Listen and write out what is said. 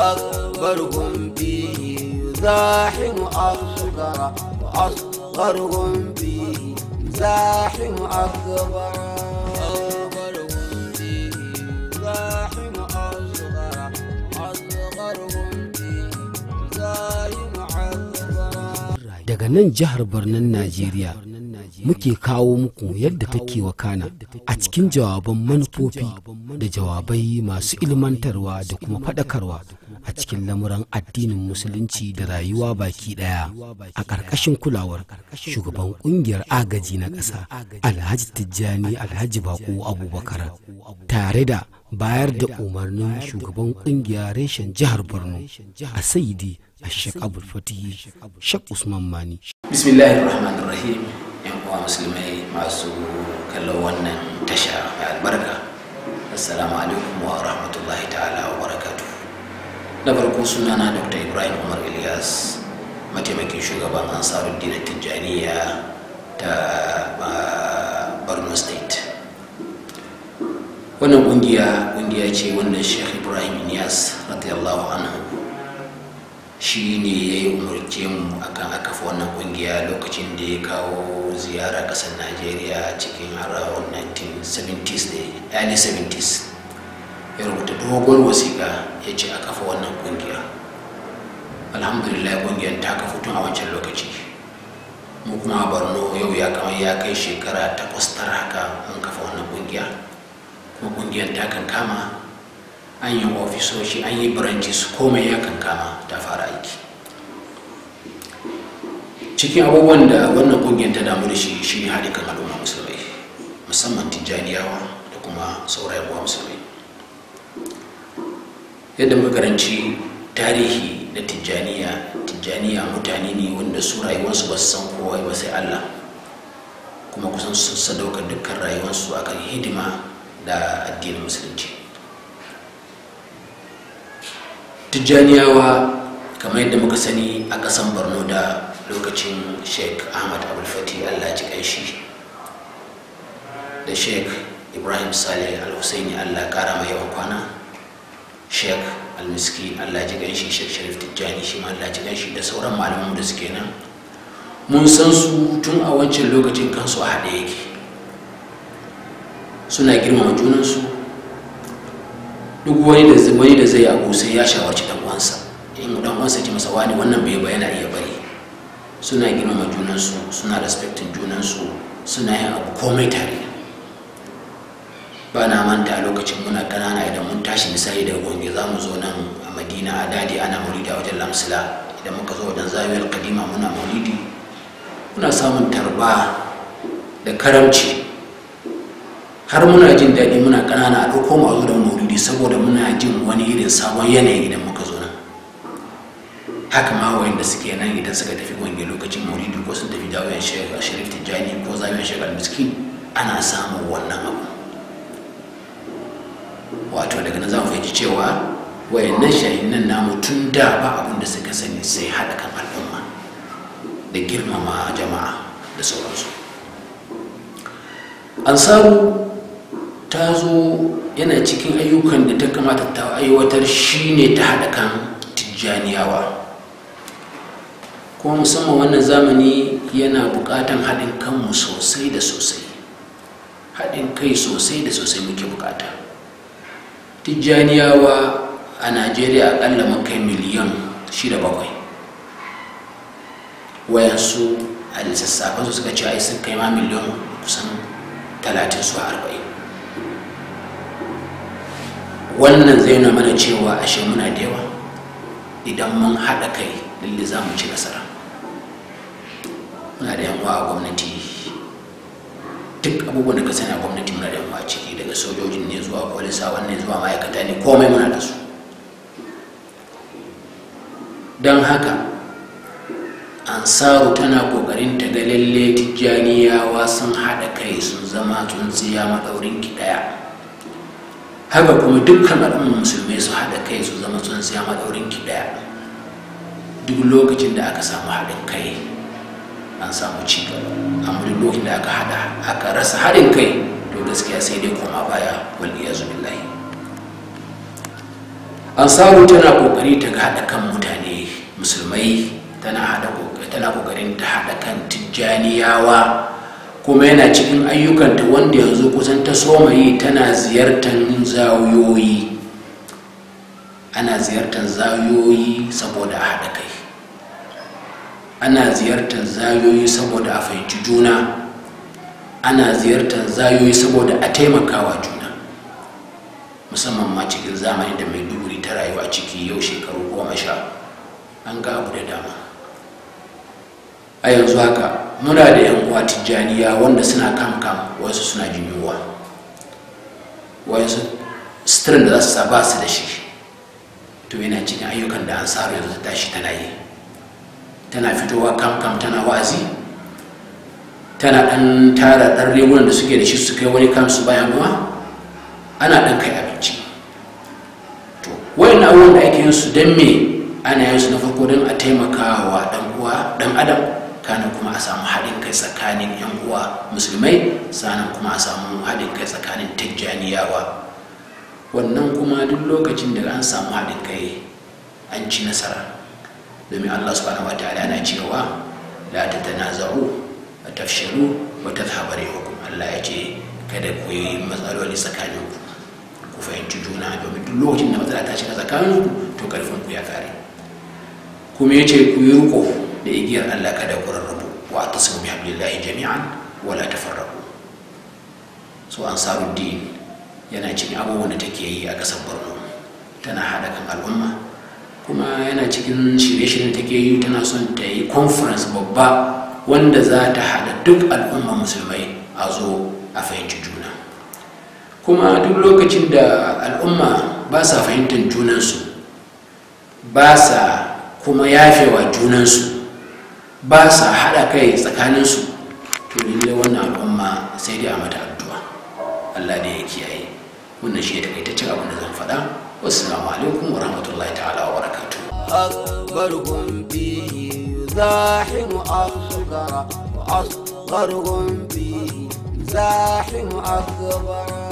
أكبرهم به زاحم أصغر وأصغرهم به زاحم أكبر daga nan jihar Birnin Najeriya muke kawo muku yadda take wakana a cikin jawaban manufofi da jawabai masu ilmantarwa da kuma faɗakarwa a cikin lamuran addinin musulunci da rayuwa baki daya a ƙarƙashin kulawar shugaban ƙungiyar agaji na ƙasa alhaji tijjani alhaji bako abubakar tare da bayar da umarnin shugaban ƙungiyar reshen jihar borno a saidi a shek abul fatih shek usman mani wannan tasha albarka assalamu alaikum wa rahmatullahi ta'ala wa barakatuh da farko na dr ibrahim umar ilyas mataimakin shugaban dina tijjaniya ta ah, borno state wannan kungiya kungiya ce wannan sheikh ibrahim ilyas radiyallahu anhu shi ne ya yi umarce mu akan a kafa wannan kungiya lokacin da ya kawo ziyara kasar najeriya cikin harawar 1970 70s ya rubuta dogon wasiƙa ya ce a kafa wannan kungiya alhamdulillah kungiyar ta kafa tun a wancan lokaci mu kuma a borno yau ya kama ya kai shekara takwas tara haka mun kafa wannan ƙungiya kuma ƙungiyar ta kan kama an yi ofisoshi an yi biranci su komai ya kan kama ta fara aiki cikin abubuwan da wannan kungiyar ta damu da shi shi ne haɗe kan al'umma musulmai musamman tijjaniyawa da kuma saurayen musulmai yadda makaranci tarihi na tijjaniya tijjaniya mutane ne wanda su rayuwarsu ba su san kowa ba sai allah kuma kusan su sadaukar dukkan rayuwarsu a kan hidima da addinin musulunci tijjaniyawa kamar yadda muka sani a ƙasan borno da lokacin sheik ahmad abulfati allah ji ƙanshi da sheik ibrahim saleh al-husaini allah ƙara mai yawan kwana sheik almiski allah ji ganshi sheik sharif tijjani shi ma allah ji ganshi da sauran malamanmu da suke nan mun san su tun a wancan lokacin kansu a haɗe yake suna girmama junansu duk wani da zai da zai abu sai ya shawarci dan uwansa in dan uwansa ji masa wani wannan bai ba yana iya bari suna girmama junansu suna respectin junansu suna yin abu komai tare ba na manta a lokacin muna kanana idan mun tashi misali daga gombe za mu zo nan a madina a dadi ana maulidi a wajen lamsila idan muka zo wajen zawiyar kadima muna maulidi muna samun tarba da karamci har muna jin daɗi muna kanana a ɗauko mu a zo da maulidi saboda muna jin wani irin sabon yanayi idan muka zo nan haka ma da suke nan idan suka tafi gombe lokacin maulidi ko sun tafi zawiyar shekaru a tijjani ko zawiyar shekaru miskin ana samun wannan abu wato daga nan za mu fahimci cewa wayan wayannan shahinan namu tun da ba abinda da suka sani sai haɗa kan al'umma da girmama jama'a da sauransu ansaru ta zo yana cikin ayyukan da ta kamata ta aiwatar ne ta haɗa kan tijjaniyawa kuma musamman wannan zamani yana buƙatan haɗin kanmu sosai da sosai haɗin kai sosai da sosai muke buƙata tijjaniyawa a najeriya akalla mun kai miliyan 6-7 wayansu a lissafin su suka ce ai sun kai ma miliyan kusan 30 su 40 wannan zai nuna mana cewa ashe muna da yawa idan mun haɗa kai lalle za mu ci nasara muna da yawa a gwamnati duk abubuwan da ka sani a gwamnati muna da a ciki daga sojojin ne zuwa polisa wannan zuwa ma'aikata ne komai muna da su don haka ansaru tana kokarin ta ga lalle tijjaniyawa sun haɗa kai sun zama tsuntsiya maɗaurin ki ɗaya haka kuma dukkan al'ummar musulmai su haɗa kai su zama tsuntsiya maɗaurin ki ɗaya duk lokacin da aka samu haɗin kai an samu ci gaba amma duk lokacin da aka hada aka rasa haɗin kai to gaskiya sai dai koma baya wal iyazu billahi ansaru tana kokari ta ga hada kan mutane musulmai tana hada tana kokarin ta hada kan tijjaniyawa kuma yana cikin ayyukanta wanda yanzu kusan ta somayi tana ziyartar zawiyoyi ana ziyartar zawiyoyi saboda a haɗa kai ana ziyartar zayoyi saboda a fahimci juna ana ziyartar zayoyi saboda a taimakawa juna musamman ma cikin zamani da mai duburi ta rayuwa ciki yau shekaru goma sha an ga abu da dama a yanzu haka muna da yan uwa tijjaniya wanda suna kan kam wasu suna jin yunwa wasu sitirin da za su sa ba su da shi to yana cikin ayyukan da an saro yanzu tashi tana yi tana fitowa kam kam tana wa'azi tana ɗan tara ɗan rigunan da suke da shi su kai wani kansu bayan ruwa ana ɗan kai abinci to wayan abubuwan da ake yin su don me ana yin na farko don a taimaka wa ɗan uwa ɗan adam kana kuma a samu haɗin kai tsakanin yan uwa musulmai sannan kuma a samu haɗin kai tsakanin tijjaniyawa wannan kuma duk lokacin da an samu haɗin kai an ci nasara domin Allah subhanahu wa ta'ala na cewa la tatanazaru wa tafshalu wa tadhhabu hukum Allah ya ce kada ku yi matsaloli tsakanin ku fahimci juna domin duk lokacin da matsala ta shiga tsakanin ku to karfin ku ya kare kuma ya ce ku yi riko da igiyar Allah kada ku rarrabu wa tasimu bi hablillahi jami'an wala farrabu so din yana cikin abubuwan da take yi a kasar Borno tana hada kan al'umma kuma yana cikin shirye-shiryen take yi tana son ta yi conference babba wanda za ta haɗa duk al'umma musulmai a zo a fahimci juna kuma duk lokacin da al'umma ba sa fahimtar junansu ba sa kuma yafewa junansu ba sa haɗa kai tsakaninsu to lalle wannan al'umma sai dai a mata addu'a allah ne ya kiyaye wannan shi ya takaitaccen abin da zan faɗa والسلام عليكم ورحمة الله تعالى وبركاته أكبرهم به زاحم أصغر وأصغرهم به زاحم أكبر